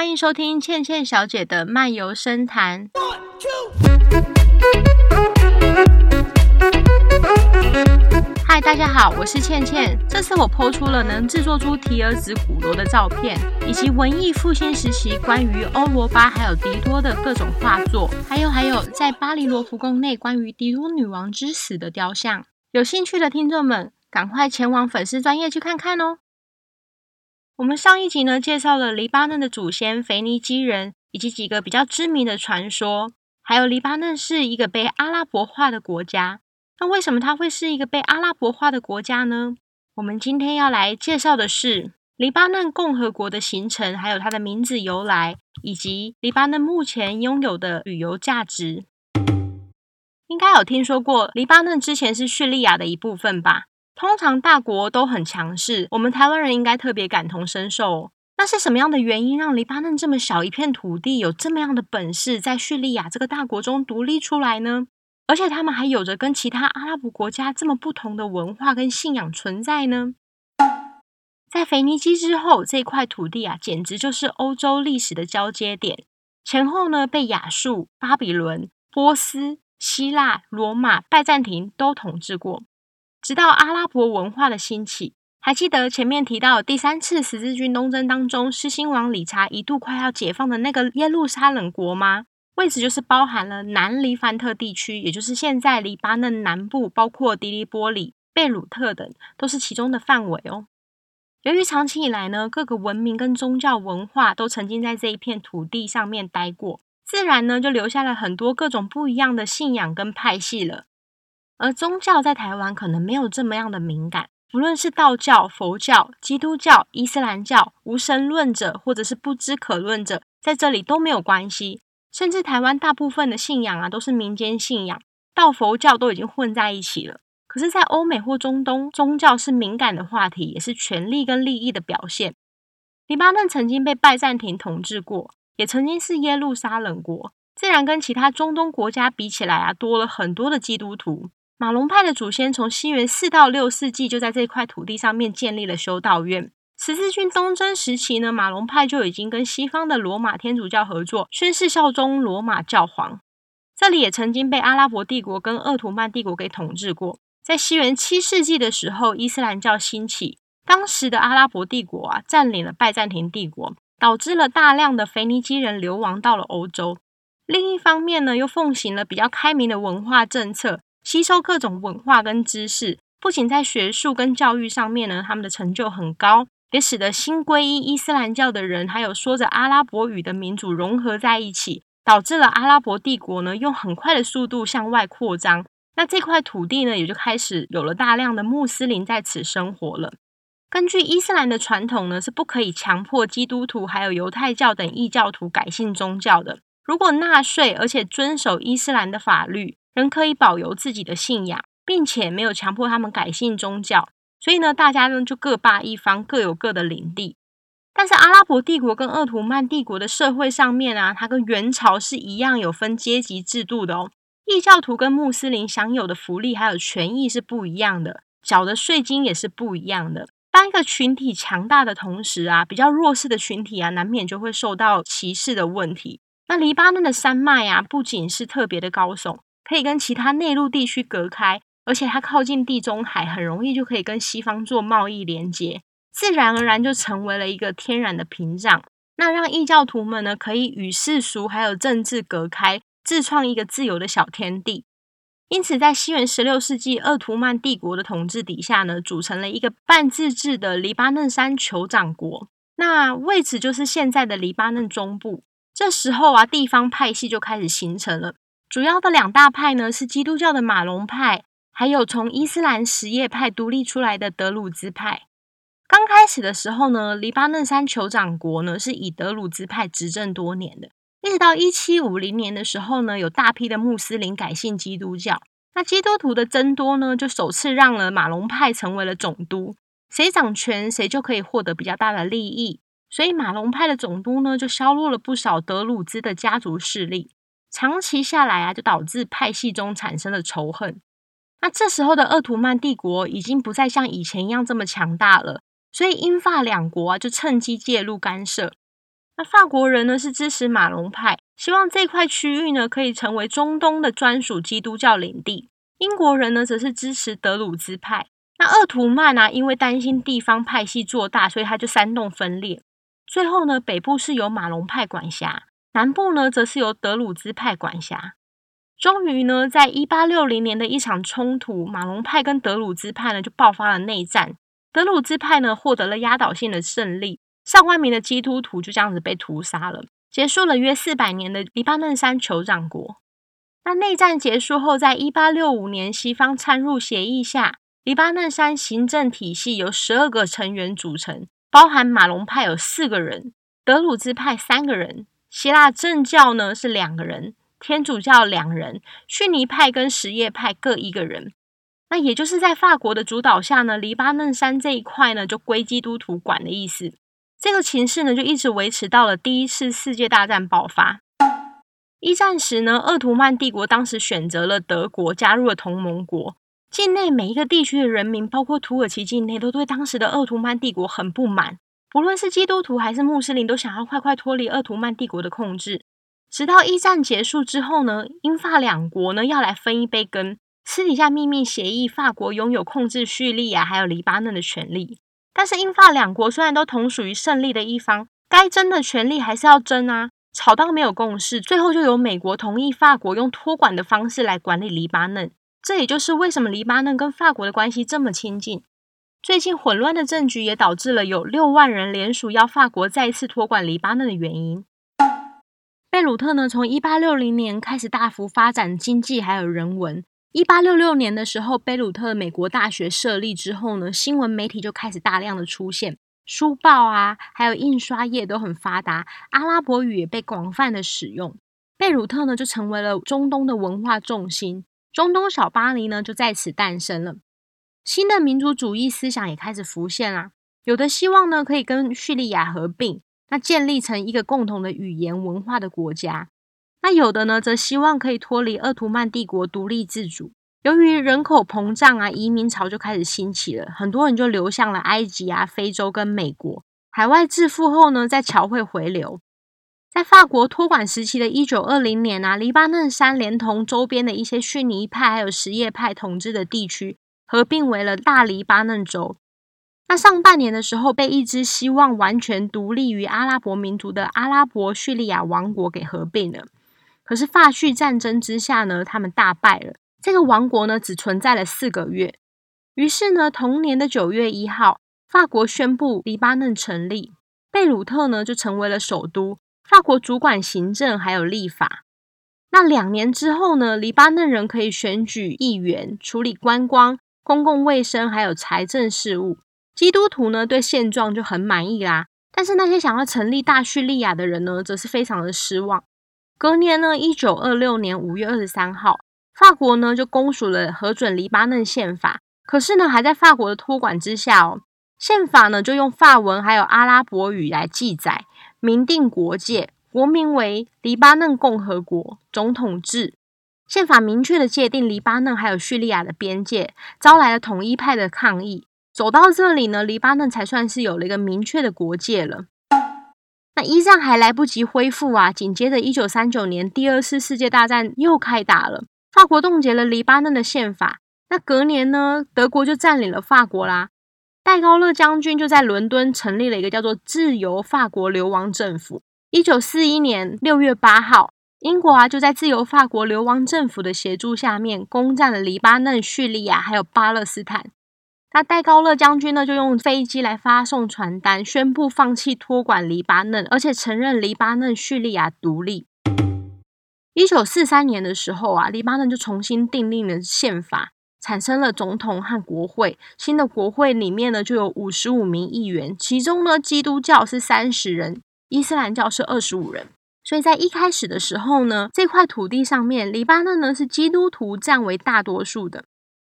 歡迎收聽倩倩小姐的漫遊深談。嗨，Hi, 大家好，我是倩倩。這次我 po 出了能製作出提爾紫骨螺的照片，以及文藝復興時期關於歐羅巴還有狄多的各種畫作，還有還有在巴黎羅浮宮內關於狄多女王之死的雕像。有興趣的聽眾們，趕快前往粉絲專頁去看看哦。我們上一集呢介紹了黎巴嫩的祖先腓尼基人，以及幾個比較知名的傳說，還有黎巴嫩是一個被阿拉伯化的國家。那為什麼它會是一個被阿拉伯化的國家呢？我們今天要來介紹的是黎巴嫩共和國的形成，還有它的名字由來，以及黎巴嫩目前擁有的旅遊價值。應該有聽說過黎巴嫩之前是敘利亞的一部分吧？通常大國都很強勢，我們台灣人應該特別感同身受哦。那是什麼樣的原因讓黎巴嫩這麼小一片土地有這麼樣的本事，在敘利亞這個大國中獨立出來呢？而且他們還有着跟其他阿拉伯國家這麼不同的文化跟信仰存在呢？在腓尼基之後，這塊土地啊，簡直就是歐洲歷史的交接點，前後呢被亞述、巴比倫、波斯、希臘、羅馬、拜占庭都統治過。直到阿拉伯文化的興起，還記得前面提到第三次十字軍東征當中，獅心王理查一度快要解放的那個耶路撒冷國嗎？位置就是包含了南黎凡特地區，也就是現在黎巴嫩南部，包括的黎波里、貝魯特等，都是其中的範圍哦。由於長期以來呢，各個文明跟宗教文化都曾經在這一片土地上面待過，自然呢，就留下了很多各種不一樣的信仰跟派系了。而宗教在台灣可能沒有這麼樣的敏感，不論是道教、佛教、基督教、伊斯蘭教、無神論者或者是不知可論者，在這裡都沒有關係。甚至台灣大部分的信仰啊，都是民間信仰，道佛教都已經混在一起了。可是，在歐美或中東，宗教是敏感的話題，也是權力跟利益的表現。黎巴嫩曾經被拜占庭統治過，也曾經是耶路撒冷國，自然跟其他中東國家比起來啊，多了很多的基督徒。馬龍派的祖先從西元四到六世紀就在這塊土地上面建立了修道院。十字軍東征時期呢，馬龍派就已經跟西方的羅馬天主教合作，宣誓效忠羅馬教皇。這裡也曾經被阿拉伯帝國跟鄂圖曼帝國給統治過。在西元七世紀的時候，伊斯蘭教興起，當時的阿拉伯帝國啊佔領了拜占庭帝國，導致了大量的腓尼基人流亡到了歐洲。另一方面呢，又奉行了比較開明的文化政策。吸收各種文化跟知識，不僅在學術跟教育上面呢，他們的成就很高，也使得新皈依伊斯蘭教的人，還有說着阿拉伯語的民族融合在一起，導致了阿拉伯帝國呢用很快的速度向外擴張。那這塊土地呢，也就開始有了大量的穆斯林在此生活了。根據伊斯蘭的傳統呢，是不可以強迫基督徒還有猶太教等異教徒改信宗教的。如果納稅而且遵守伊斯蘭的法律。人可以保留自己的信仰，並且沒有強迫他們改信宗教，所以呢，大家呢就各霸一方，各有各的領地。但是阿拉伯帝國跟鄂圖曼帝國的社會上面啊，它跟元朝是一樣有分階級制度的哦。異教徒跟穆斯林享有的福利還有權益是不一樣的，繳的稅金也是不一樣的。當一個群體強大的同時啊，比較弱勢的群體啊，難免就會受到歧視的問題。那黎巴嫩的山脈啊，不僅是特別的高聳。可以跟其他內陸地區隔開，而且它靠近地中海，很容易就可以跟西方做貿易連接，自然而然就成為了一個天然的屏障。那讓異教徒們呢，可以與世俗還有政治隔開，自創一個自由的小天地。因此，在西元十六世紀，鄂圖曼帝國的統治底下呢，組成了一個半自治的黎巴嫩山酋長國。那位置就是現在的黎巴嫩中部。這時候啊，地方派系就開始形成了。主要的兩大派呢，是基督教的馬龍派，還有從伊斯蘭什葉派獨立出來的德魯茲派。剛開始的時候呢，黎巴嫩山酋長國呢是以德魯茲派執政多年的，一直到一七五零年的時候呢，有大批的穆斯林改信基督教。那基督徒的增多呢，就首次讓了馬龍派成為了總督，誰掌權誰就可以獲得比較大的利益。所以馬龍派的總督呢，就削弱了不少德魯茲的家族勢力。長期下來啊，就導致派系中產生了仇恨。那這時候的鄂圖曼帝國已經不再像以前一樣這麼強大了，所以英法兩國啊就趁機介入干涉。那法國人呢是支持馬龍派，希望這塊區域呢可以成為中東的專屬基督教領地。英國人呢則是支持德魯茲派。那鄂圖曼啊，因為擔心地方派系做大，所以他就煽動分裂。最後呢，北部是由馬龍派管轄。南部呢，則是由德魯茲派管轄。終於呢，在一八六零年的一場衝突，馬龍派跟德魯茲派呢就爆發了內戰。德魯茲派呢獲得了壓倒性的勝利，上萬名的基督徒就這樣子被屠殺了，結束了約四百年的黎巴嫩山酋長國。那內戰結束後，在一八六五年西方參入協議下，黎巴嫩山行政體系由十二個成員組成，包含馬龍派有四個人，德魯茲派三個人。希臘正教呢是兩個人，天主教兩人，遜尼派跟什葉派各一個人。那也就是在法國的主導下呢，黎巴嫩山這一塊呢就歸基督徒管的意思。這個情勢呢就一直維持到了第一次世界大戰爆發。一戰時呢，鄂圖曼帝國當時選擇了德國，加入了同盟國。境內每一個地區的人民，包括土耳其境內，都對當時的鄂圖曼帝國很不滿。不論是基督徒還是穆斯林，都想要快快脫離鄂圖曼帝國的控制。直到一戰結束之後呢，英法兩國呢要來分一杯羹。私底下祕密協議，法國擁有控制敘利亞還有黎巴嫩的權利。但是英法兩國雖然都同屬於勝利的一方，該爭的權利還是要爭啊。吵到沒有共識，最後就由美國同意法國用託管的方式來管理黎巴嫩。這也就是為什麼黎巴嫩跟法國的關係這麼親近。最近混亂的政局也導致了有六萬人聯署要法國再次托管黎巴嫩的原因。貝魯特呢，從一八六零年開始大幅發展經濟，還有人文。一八六六年的時候，貝魯特美國大學設立之後呢，新聞媒體就開始大量的出現，書報啊，還有印刷業都很發達，阿拉伯語也被廣泛的使用。貝魯特呢，就成為了中東的文化重心，中東小巴黎呢，就在此誕生了。新的民族主義思想也開始浮現啦、啊。有的希望呢，可以跟敘利亞合併，那建立成一個共同的語言文化的國家；那有的呢則希望可以脫離鄂圖曼帝國獨立自主。由於人口膨脹啊，移民潮就開始興起了，很多人就流向了埃及啊、非洲跟美國，海外致富後呢，再僑匯回流。在法國托管時期的一九二零年啊，黎巴嫩山連同周邊的一些遜尼派還有什葉派統治的地區。合併為了大黎巴嫩州。那上半年的時候，被一支希望完全獨立於阿拉伯民族的阿拉伯敘利亞王國給合併了。可是，法敘戰爭之下呢，他們大敗了。這個王國呢，只存在了四個月。於是呢，同年的九月一號，法國宣布黎巴嫩成立，貝魯特呢就成為了首都。法國主管行政還有立法。那兩年之後呢，黎巴嫩人可以選舉議員，處理觀光，公共衛生還有財政事務，基督徒呢對現狀就很滿意啦。但是那些想要成立大敘利亞的人呢，則是非常的失望。隔年呢，一九二六年五月二十三號，法國呢就公署了核准黎巴嫩憲法。可是呢，還在法國的托管之下哦。憲法呢就用法文還有阿拉伯語來記載，明定國界，國名為黎巴嫩共和國，總統制。憲法明確的界定黎巴嫩還有敘利亞的邊界，招來了統一派的抗議。走到這裡呢，黎巴嫩才算是有了一個明確的國界了。那一戰還來不及恢復啊，緊接着一九三九年，第二次世界大戰又開打了。法國凍結了黎巴嫩的憲法。那隔年呢，德國就占領了法國啦。戴高樂將軍就在倫敦成立了一個叫做“自由法國”流亡政府。一九四一年六月八號，英國啊，就在自由法國流亡政府的協助下面，攻佔了黎巴嫩、敘利亞還有巴勒斯坦。那戴高樂將軍呢，就用飛機來發送傳單，宣布放棄托管黎巴嫩，而且承認黎巴嫩、敘利亞獨立。一九四三年的時候啊，黎巴嫩就重新訂立了憲法，產生了總統和國會。新的國會裡面呢，就有五十五名議員，其中呢，基督教是三十人，伊斯蘭教是二十五人。所以在一開始的時候呢，這塊土地上面，黎巴嫩呢是基督徒占為大多數的。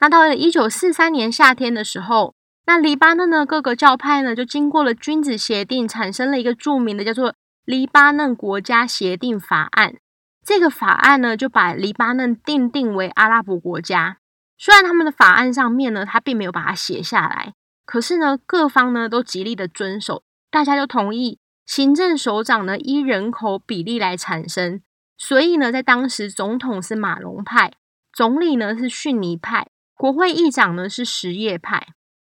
那到了一九四三年夏天的時候，那黎巴嫩的各個教派呢，就經過了君子協定，產生了一個著名的叫做《黎巴嫩國家協定法案》。這個法案呢，就把黎巴嫩定定為阿拉伯國家。雖然他們的法案上面呢，他並沒有把它寫下來，可是呢，各方呢都極力的遵守，大家都同意。行政首長呢依人口比例來產生，所以呢，在當時總統是馬龍派，總理呢是遜尼派，國會議長呢是什葉派。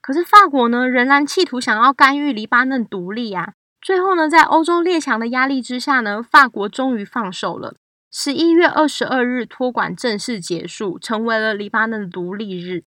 可是法國呢仍然企圖想要干預黎巴嫩獨立啊。最後呢，在歐洲列強的壓力之下呢，法國終於放手了。十一月二十二日，托管正式結束，成為了黎巴嫩獨立日。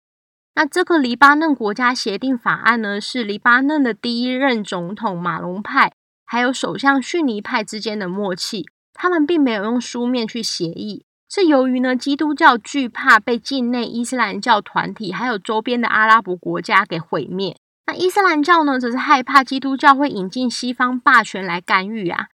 那這個黎巴嫩國家協定法案呢，是黎巴嫩的第一任總統馬龍派。還有首相遜尼派之間的默契，他們並沒有用書面去協議，是由於呢，基督教懼怕被境內伊斯蘭教團體還有周邊的阿拉伯國家給毀滅，那伊斯蘭教呢則是害怕基督教會引進西方霸權來干預啊，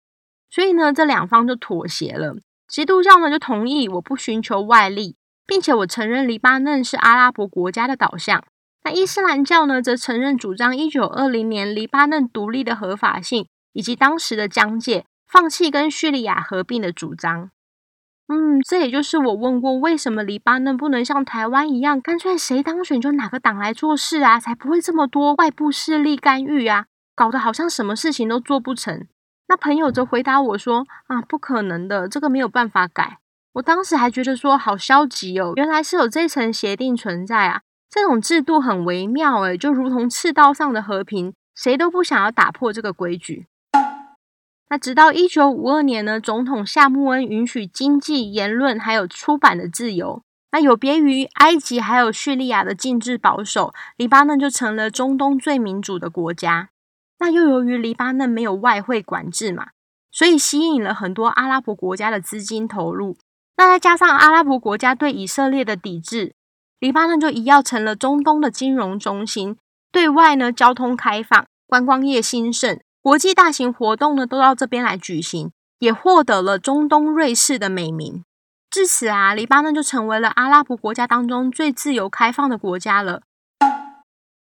所以呢，這兩方就妥協了。基督教呢就同意我不尋求外力，並且我承認黎巴嫩是阿拉伯國家的導向，那伊斯蘭教呢則承認主張一九二零年黎巴嫩獨立的合法性，以及當時的疆界，放棄跟敘利亞合併的主張。嗯，這也就是我問過為什麼黎巴嫩不能像台灣一樣，乾脆誰當選就哪個黨來做事啊，才不會這麼多外部勢力干預啊，搞得好像什麼事情都做不成。那朋友則回答我說：“啊，不可能的，這個沒有辦法改。”我當時還覺得說好消極哦，原來是有這層協定存在啊，這種制度很微妙誒，就如同赤道上的和平，誰都不想要打破這個規矩。那直到一九五二年呢，總統夏木恩允許經濟、言論還有出版的自由。那有別於埃及還有敘利亞的禁制保守，黎巴嫩就成了中東最民主的國家。那又由於黎巴嫩沒有外匯管制嘛，所以吸引了很多阿拉伯國家的資金投入。那再加上阿拉伯國家對以色列的抵制，黎巴嫩就一躍成了中東的金融中心。對外呢，交通開放，觀光業興盛。國際大型活動呢，都到這邊來舉行，也獲得了中東瑞士的美名。至此啊，黎巴嫩就成為了阿拉伯國家當中最自由開放的國家了。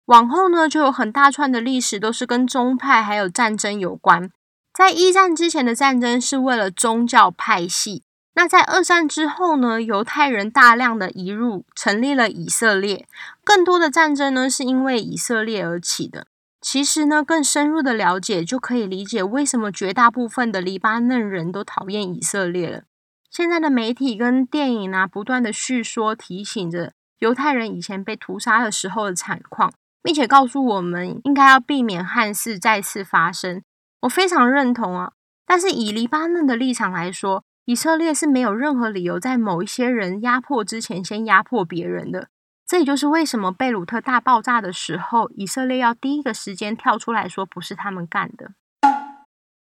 往後呢，就有很大串的歷史都是跟宗派還有戰爭有關。在一戰之前的戰爭是為了宗教派系，那在二戰之後呢，猶太人大量的移入，成立了以色列。更多的戰爭呢，是因為以色列而起的。其實呢，更深入的了解，就可以理解為什麼絕大部分的黎巴嫩人都討厭以色列了。現在的媒體跟電影啊，不斷的敘說、提醒着猶太人以前被屠殺的時候的慘況，並且告訴我們應該要避免憾事再次發生。我非常認同啊，但是以黎巴嫩的立場來說，以色列是沒有任何理由在某一些人壓迫之前先壓迫別人的。這也就是為什麼貝魯特大爆炸的時候，以色列要第一個時間跳出來說不是他們幹的。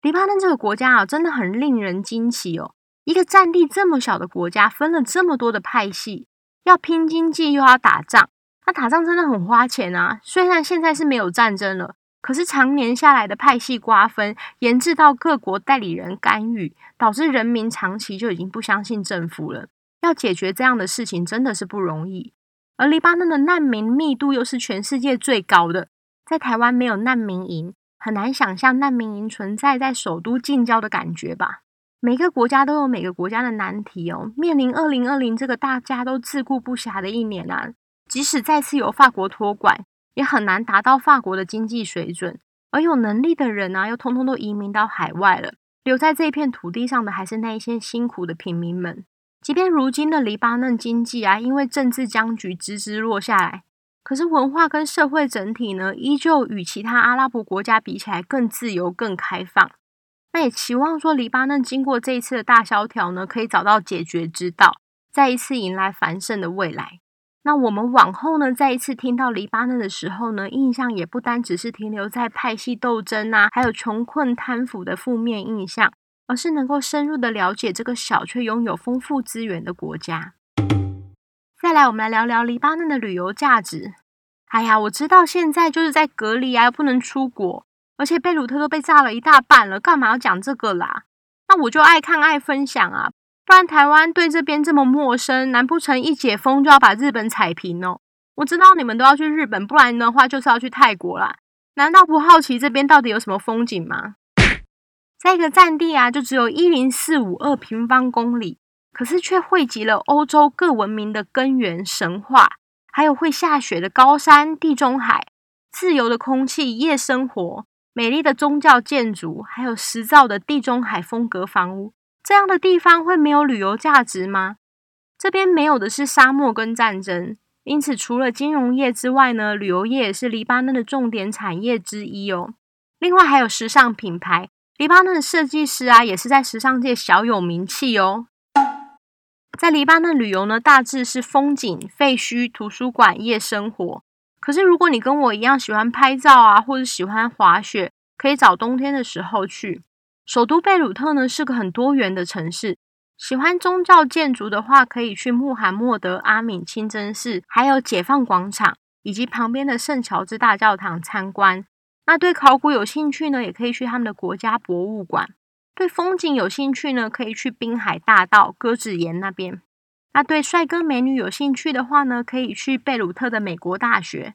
黎巴嫩這個國家啊，真的很令人驚奇哦。一個占地這麼小的國家，分了這麼多的派系，要拼經濟又要打仗，那打仗真的很花錢啊。雖然現在是沒有戰爭了，可是常年下來的派系瓜分，延至到各國代理人干預，導致人民長期就已經不相信政府了。要解決這樣的事情，真的是不容易。而黎巴嫩的難民密度又是全世界最高的，在台灣沒有難民營，很難想象難民營存在在首都近郊的感覺吧？每個國家都有每個國家的難題哦。面臨二零二零這個大家都自顧不暇的一年啊，即使再次由法國托管，也很難達到法國的經濟水準。而有能力的人呢、啊，又通通都移民到海外了，留在這一片土地上的，還是那一些辛苦的平民們。即便如今的黎巴嫩經濟啊，因為政治僵局直直落下來，可是文化跟社會整體呢，依舊與其他阿拉伯國家比起來更自由、更開放。那也期望說，黎巴嫩經過這一次的大蕭條呢，可以找到解決之道，再一次迎來繁盛的未來。那我們往後呢，再一次聽到黎巴嫩的時候呢，印象也不單只是停留在派系鬥爭啊，還有窮困、貪腐的負面印象。而是能夠深入的了解這個小卻擁有豐富資源的國家。再來，我們來聊聊黎巴嫩的旅遊價值。哎呀，我知道現在就是在隔離啊，又不能出國，而且貝魯特都被炸了一大半了，幹嘛要講這個啦？那我就愛看愛分享啊，不然台灣對這邊這麼陌生，難不成一解封就要把日本踩平哦？我知道你們都要去日本，不然的話就是要去泰國啦。難道不好奇這邊到底有什麼風景嗎？在一個佔地啊，就只有一零四五二平方公里，可是卻匯集了歐洲各文明的根源、神話，還有會下雪的高山、地中海、自由的空氣、夜生活、美麗的宗教建築，還有石造的地中海風格房屋。這樣的地方會沒有旅遊價值嗎？這邊沒有的是沙漠跟戰爭，因此除了金融業之外呢，旅遊業也是黎巴嫩的重點產業之一哦。另外還有時尚品牌。黎巴嫩的設計師啊，也是在時尚界小有名氣哦。在黎巴嫩旅遊呢，大致是風景、廢墟、圖書館、夜生活。可是如果你跟我一樣喜歡拍照啊，或者喜歡滑雪，可以找冬天的時候去。首都貝魯特呢，是個很多元的城市。喜歡宗教建築的話，可以去穆罕默德阿敏清真寺，還有解放廣場，以及旁邊的聖喬治大教堂參觀。那對考古有興趣呢，也可以去他們的國家博物館；對風景有興趣呢，可以去濱海大道、鴿子岩那邊；那對帥哥美女有興趣的話呢，可以去貝魯特的美國大學；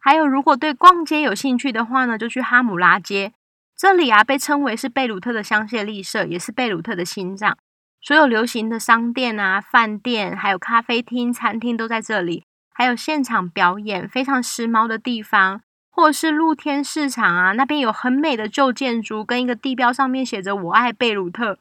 還有，如果對逛街有興趣的話呢，就去哈姆拉街。這裡啊，被稱為是貝魯特的香榭麗舍，也是貝魯特的心臟。所有流行的商店啊、飯店，還有咖啡廳、餐廳都在這裡，還有現場表演，非常時髦的地方。或者是露天市場啊，那邊有很美的舊建築跟一個地標，上面寫着“我愛貝魯特”。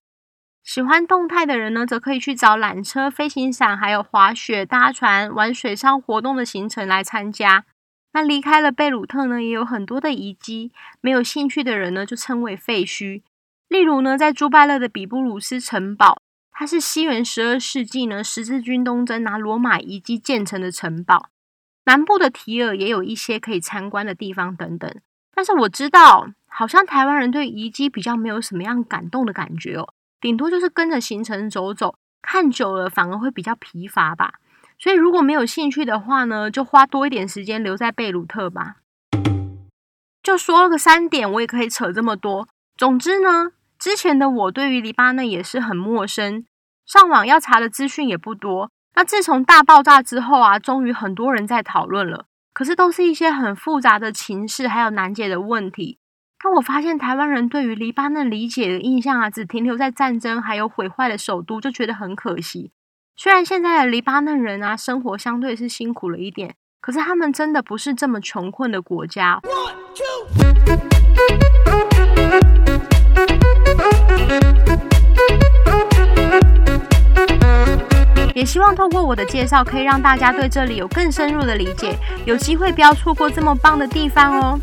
喜歡動態的人呢，則可以去找纜車、飛行傘、還有滑雪、搭船、玩水上活動的行程來參加。那離開了貝魯特呢，也有很多的遺跡。沒有興趣的人呢，就稱為廢墟。例如呢，在朱拜勒的比布魯斯城堡，它是西元十二世紀呢，十字軍東征拿羅馬遺跡建成的城堡。南部的提爾也有一些可以參觀的地方等等，但是我知道好像台灣人對遺跡比較沒有什麼樣感動的感覺哦、喔，頂多就是跟着行程走走，看久了反而會比較疲乏吧。所以如果沒有興趣的話呢，就花多一點時間留在貝魯特吧。就說了個三點，我也可以扯這麼多。總之呢，之前的我對於黎巴嫩也是很陌生，上網要查的資訊也不多。那自從大爆炸之後啊，終於很多人在討論了，可是都是一些很複雜的情勢，還有難解的問題。但我發現台灣人對於黎巴嫩理解的印象啊，只停留在戰爭還有毀壞的首都，就覺得很可惜。雖然現在的黎巴嫩人啊，生活相對是辛苦了一點，可是他們真的不是這麼窮困的國家。One, 也希望透過我的介紹，可以讓大家對這裡有更深入的理解，有機會不要錯過這麼棒的地方哦。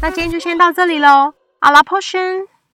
那今天就先到這裡嘍，阿拉 Potion！